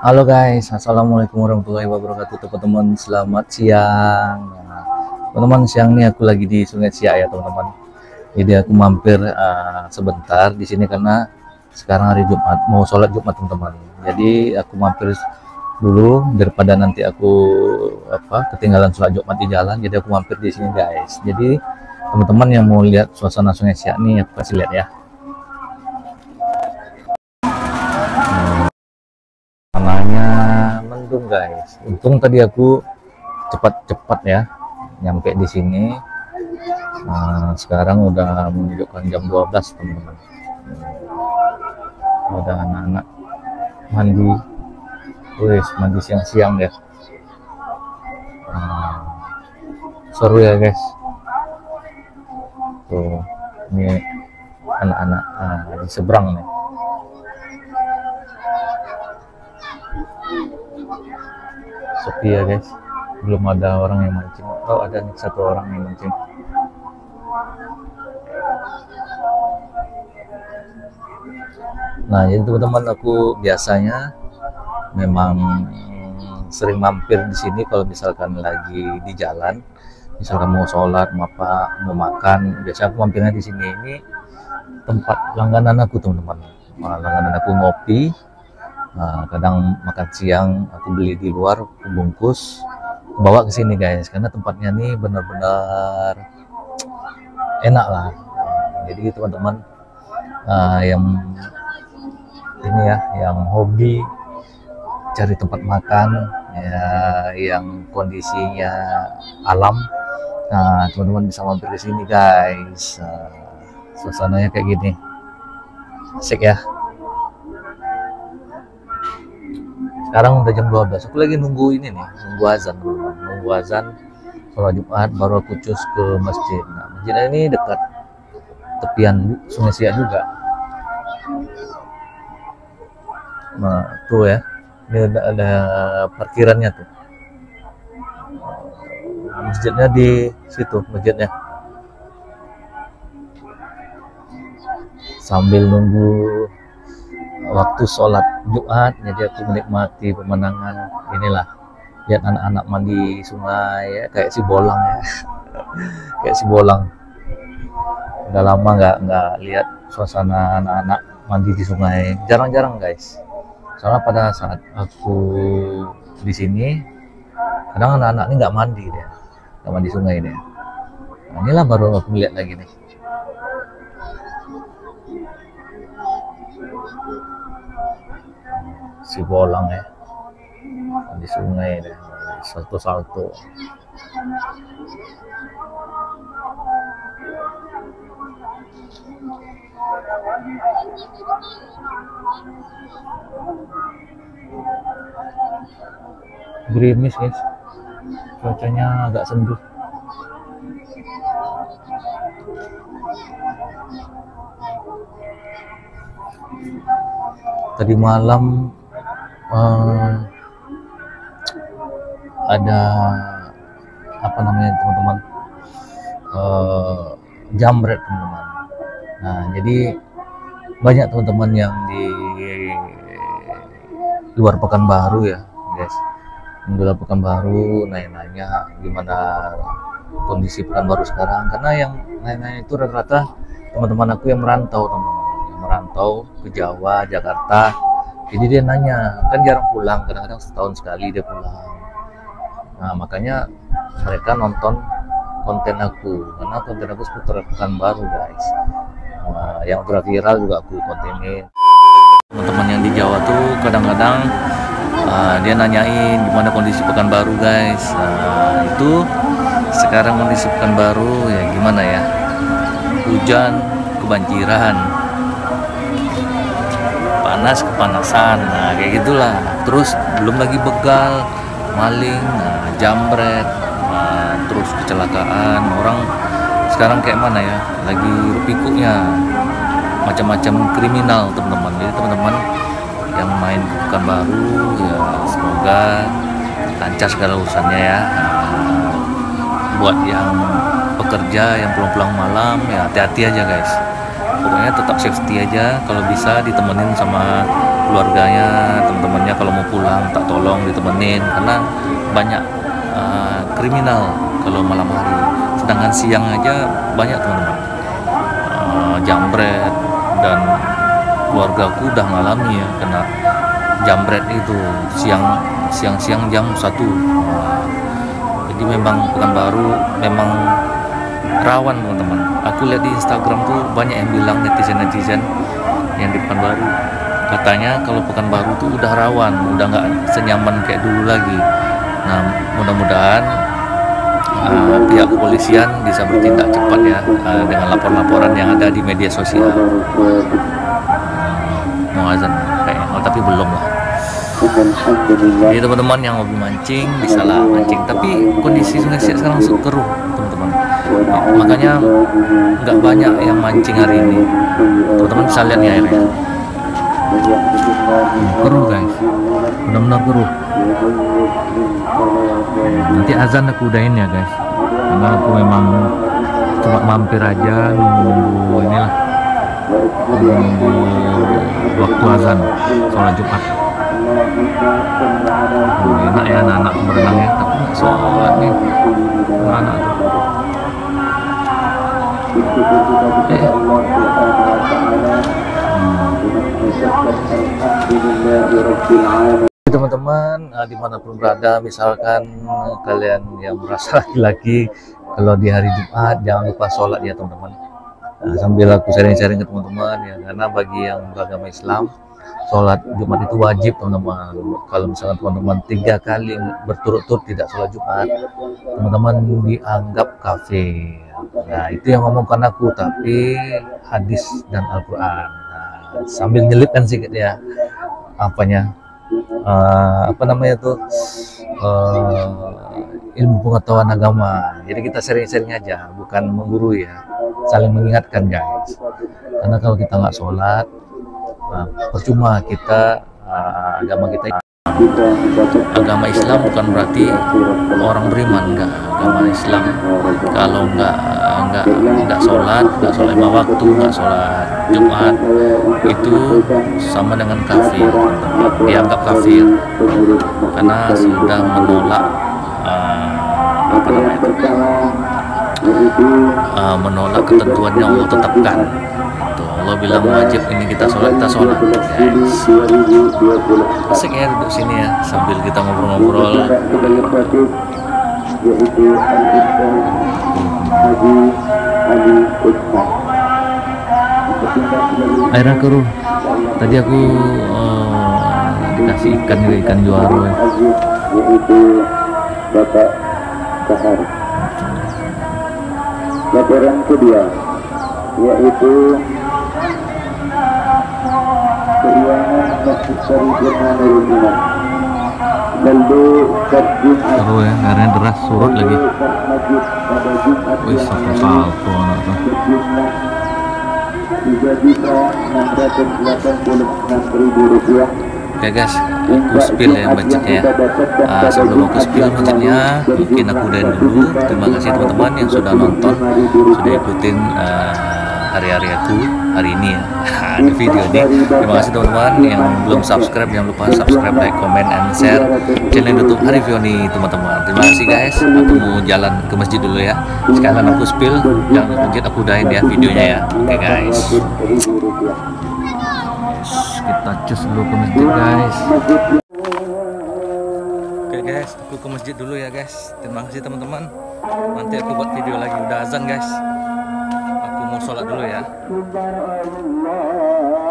Halo guys, assalamualaikum warahmatullahi wabarakatuh teman-teman. Selamat siang. Nah, teman-teman siang ini aku lagi di Sungai Siak ya teman-teman. Jadi aku mampir uh, sebentar di sini karena sekarang hari Jumat mau sholat Jumat teman-teman. Jadi aku mampir dulu daripada nanti aku apa ketinggalan sholat Jumat di jalan. Jadi aku mampir di sini guys. Jadi teman-teman yang mau lihat suasana Sungai Siak nih aku kasih lihat ya. guys untung tadi aku cepat-cepat ya nyampe di sini nah, sekarang udah menunjukkan jam 12 teman-teman hmm. ada anak-anak mandi wes mandi siang-siang ya nah, seru ya guys tuh ini anak-anak nah, di seberang nih iya guys belum ada orang yang mancing oh ada nih satu orang yang mancing nah jadi teman-teman aku biasanya memang sering mampir di sini kalau misalkan lagi di jalan misalkan mau sholat mau apa mau makan biasanya aku mampirnya di sini ini tempat langganan aku teman-teman langganan aku ngopi Nah, kadang makan siang aku beli di luar aku bungkus bawa ke sini guys karena tempatnya ini benar-benar enak lah jadi teman-teman uh, yang ini ya yang hobi cari tempat makan ya, yang kondisinya alam nah teman-teman bisa mampir ke sini guys uh, suasananya kayak gini asik ya sekarang udah jam 12 aku lagi nunggu ini nih nunggu azan nunggu azan sholat jumat baru aku cus ke masjid nah masjid ini dekat tepian sungai siak juga nah tuh ya ini ada, ada parkirannya tuh nah, masjidnya di situ masjidnya sambil nunggu waktu sholat Jumat jadi ya aku menikmati pemandangan inilah lihat anak-anak mandi sungai ya kayak si bolang ya kayak si bolang udah lama nggak nggak lihat suasana anak-anak mandi di sungai jarang-jarang guys soalnya pada saat aku di sini kadang anak-anak ini nggak mandi deh nggak mandi sungai deh nah, inilah baru aku lihat lagi nih si bolang ya di sungai deh satu salto gerimis guys cuacanya agak senduh tadi malam uh, ada apa namanya teman-teman uh, jamret teman-teman nah jadi banyak teman-teman yang di luar Pekanbaru ya guys di luar Pekanbaru nanya-nanya gimana kondisi Pekanbaru sekarang karena yang nanya-nanya itu rata-rata teman-teman aku yang merantau teman-teman yang merantau ke Jawa Jakarta jadi dia nanya kan jarang pulang kadang-kadang setahun sekali dia pulang nah makanya mereka nonton konten aku karena konten aku seputar pekan baru guys nah, yang viral juga aku kontenin teman-teman yang di Jawa tuh kadang-kadang uh, dia nanyain gimana kondisi pekan baru guys nah, itu sekarang kondisi pekan baru ya gimana ya hujan kebanjiran panas kepanasan nah kayak gitulah terus belum lagi begal maling nah jambret nah, terus kecelakaan orang sekarang kayak mana ya lagi pikuknya macam-macam kriminal teman-teman jadi teman-teman yang main bukan baru, ya semoga lancar segala urusannya ya nah, buat yang pekerja yang pulang-pulang malam ya hati-hati aja guys pokoknya tetap safety aja kalau bisa ditemenin sama keluarganya teman-temannya kalau mau pulang tak tolong ditemenin karena banyak uh, kriminal kalau malam hari sedangkan siang aja banyak teman-teman uh, jambret dan keluargaku udah ngalami ya kena jambret itu siang siang siang jam satu uh, jadi memang bukan baru memang rawan teman-teman aku lihat di Instagram tuh banyak yang bilang netizen-netizen yang di Pekanbaru katanya kalau Pekanbaru tuh udah rawan udah nggak senyaman kayak dulu lagi nah mudah-mudahan uh, pihak kepolisian bisa bertindak cepat ya uh, dengan laporan laporan yang ada di media sosial mau azan kayaknya oh, tapi belum lah jadi teman-teman yang hobi mancing bisa lah mancing tapi kondisi sungai Siak sekarang keruh teman-teman makanya nggak banyak yang mancing hari ini teman-teman bisa lihat nih airnya hmm, keruh guys benar-benar keruh nanti azan aku udahin ya guys karena aku memang cuma mampir aja nunggu inilah nunggu waktu azan sholat jumat hmm, enak ya anak-anak berenang ya tapi nggak sholat nih teman-teman eh, dimanapun berada misalkan eh, kalian yang merasa lagi kalau di hari Jumat jangan lupa sholat ya teman-teman nah, sambil aku sharing-sharing ke teman-teman ya karena bagi yang beragama Islam sholat Jumat itu wajib teman-teman kalau misalkan teman-teman tiga kali berturut-turut tidak sholat Jumat teman-teman dianggap kafir Nah, itu yang ngomongkan aku, tapi hadis dan Al-Quran. Nah, sambil nyelipkan kan sedikit ya, apanya, uh, apa namanya tuh, uh, ilmu pengetahuan agama. Jadi kita sering-sering aja, bukan mengguru ya, saling mengingatkan guys. Karena kalau kita nggak sholat, uh, percuma kita, uh, agama kita, uh, agama Islam bukan berarti orang beriman, enggak agama Islam kalau nggak nggak nggak sholat nggak sholat lima waktu nggak sholat Jumat itu sama dengan kafir dianggap kafir karena sudah menolak uh, apa namanya itu uh, menolak ketentuan yang Allah tetapkan itu Allah bilang wajib ini kita sholat kita sholat guys asik ya duduk sini ya sambil kita ngobrol-ngobrol yaitu Al-Ustaz Haji Ali Ustaz airnya keruh tadi aku uh, dikasih ikan juga ikan juara yaitu Bapak Kahar laporan kedua yaitu keuangan Masjid Syarif Nurul Iman seru ya airnya deras surut lagi wih satu salto anak tuh Oke guys, ya, ya. ah, aku spill ya budgetnya ya. Nah, sebelum aku spill budgetnya, mungkin aku udahin dulu. Terima kasih teman-teman yang sudah nonton, sudah ikutin uh, hari-hari aku hari ini ya di video ini terima kasih teman-teman yang belum subscribe jangan lupa subscribe like comment and share channel youtube Arif Yoni teman-teman terima kasih guys aku mau jalan ke masjid dulu ya sekarang aku spill jangan ke masjid aku udahin ya videonya ya oke okay, guys kita cus dulu ke masjid guys oke okay, guys aku ke masjid dulu ya guys terima kasih teman-teman nanti aku buat video lagi udah azan guys sholat dulu ya.